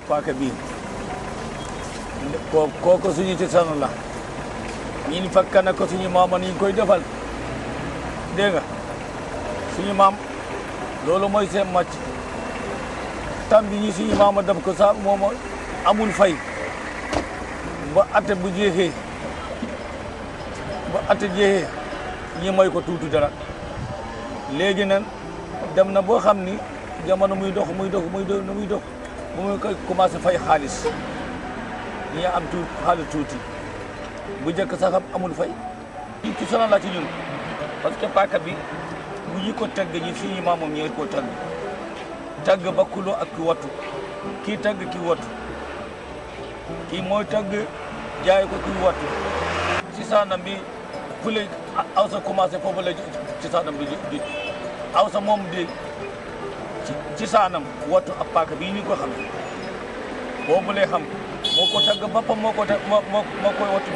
paaka bii ko kooku suñu cosaanu la ñun fakka na ko suñu maama ni ñu koy defal dégg nga suñu maam loolu mooy seen macc tam bi ñu suñu maama def ko sax moom amul fay ba atte bu jeexee ba atte jeexee ñi may ko tuuti dara léegi nag dem na boo xam ni jamono muy dox muy dox muy dox muy dox bu ma koy commencé fay xaalis dañuy am tuut xaalis tuuti bu njëkk sax amul fay. ñun ci la ci ñun parce que paaka bi bu ñu ko tagg ñi suñu maamoom ñëwee koo tagg tagg ba kuloo ak ki wattu kii tagg ki wattu kii mooy tagg jaay ko ki wattu ci saanam bi fu lay awsa commencé foofu la ci saanam bi di awsa moom di ci saanam wattu ab paaka bii ñu ko xam boobu lay xam moo ko tagg boppam moo ko moo moo koy wattu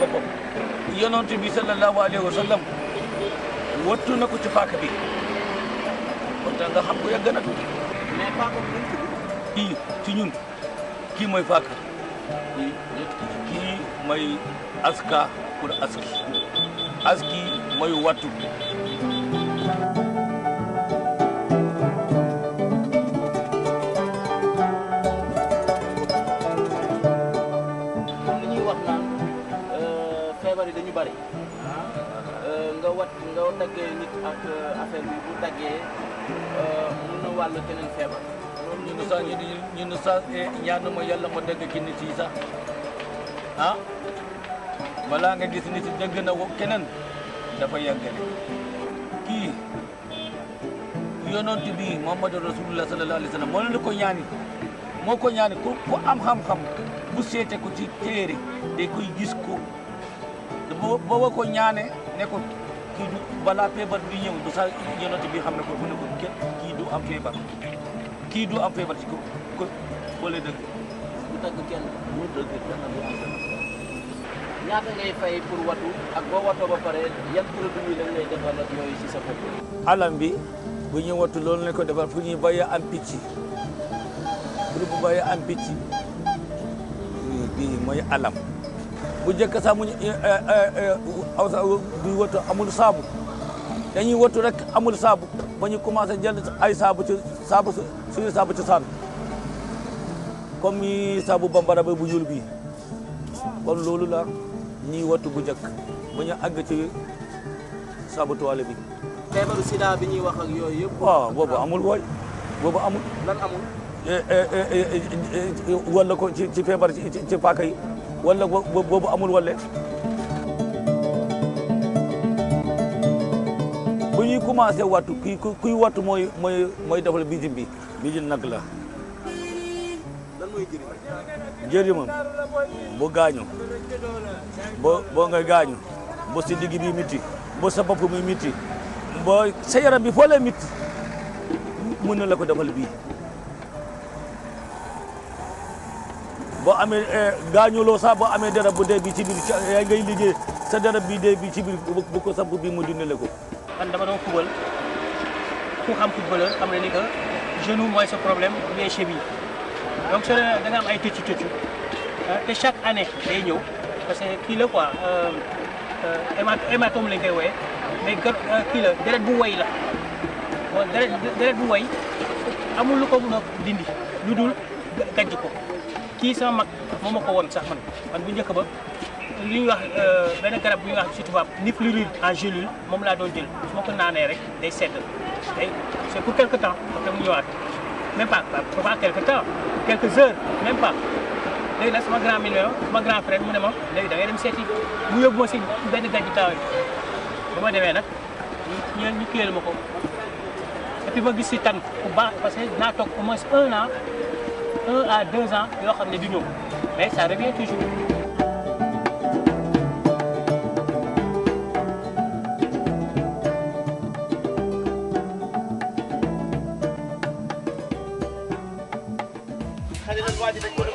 i yonent bi sallallahu alayhi wa wattu na ko ci paaka bi kon nga xam ko yàgg na tuuti mais paaka kii ci ñun kii mooy paaka kii kii aska pour aski aski mooy wattu daggee nit ak euh, affaire bi bu daggee euh, mën na wàll keneen feebar. ñu ne sax ñu ñu ne sax eh, ma yàlla ma dëgg ci nit yi ah? nga gis nit yi dëgg na ko keneen dafa yàggale kii yonent bi Muhammadu Rasulullah sallallahu alayhi wa sallam moo ko ñaani moo ko ñaani ku am xam-xam bu seete ko ci téere de koy gis ko boo ko ñaane ne ko kii balaa feebar bi ñëw du sax yonent bi xam ne ko mu ne ko kii du am feebar kii du am feebar ci ko ko wala dëgg bu tagg kenn kenn du am ñaata ngay ba pare alam bi bu ñuy watu loolu lañ ko defal pour ñuy bàyyi am picc pour bu bàyyi am picc bii mooy alam bu njëkk sax mu eh, eh, eh, du wattu amul saabu dañuy wattu rek amul saabu ba ñu commencé jël ay saabu ci saabu suñu saabu ci saan comme yi saabu bambara bi bu ñuul bi kon loolu la ñuy wattu bu njëkk ba ñu àgg ci saabu toile bi. feebaru bi ñuy wax ak yooyu yëpp. waaw boobu amul woy boobu amul. lan amul. wala ko ci feebar ci ci yi. wala boobu amul wala bu ñuy commencé wattu kuy kuy wattu mooy mooy mooy defal bijin bi bijin nag la njëriñam bu gaañu bo boo nga gaañu boo si digg bi miti bo sa bopp mi miti bo sa yaram bi foo lee miti mën na la ko defal boo amee eh, gaañuloo sax boo amee dara bu dee bi ci biir yaa ngay liggéey sa dara bi dee bi ci biir bu sa samp bi mu dundale ko. man dama doon football ku xam footballeur xam ne ni que genou mooy sa problème mais cheville donc soo da nga am ay tëccu tëccu euh, te chaque année day ñëw parce que kii la quoi euh, euh, hématome lañ koy wooyee mais kii la deret bu way la bon deret deret bu way amul lu ko mën dindi lu dul gàjj ko. kii sama mag moo ma ko woon sax man man bu njëkk ba li ñuy wax euh, benn garab bu ñuy wax ci tubaab ni en gélule moom laa doo jël su ma ko naanee rek day sedd day c'est pour quelque temps après mu ñëwaat même pas pas quelque temps quelques heures même pas léegi nag sama grand million sama grand frère mu ne ma léegi da ngay dem seeti mu yóbbu ma si benn gàjji taaw yi ba ma demee nag ñu ñu kiyal ma ko et ma gis si tan u baax parce que naa toog au moins un un à deux ans yoo xam ne du ñëw mais ça revient toujours.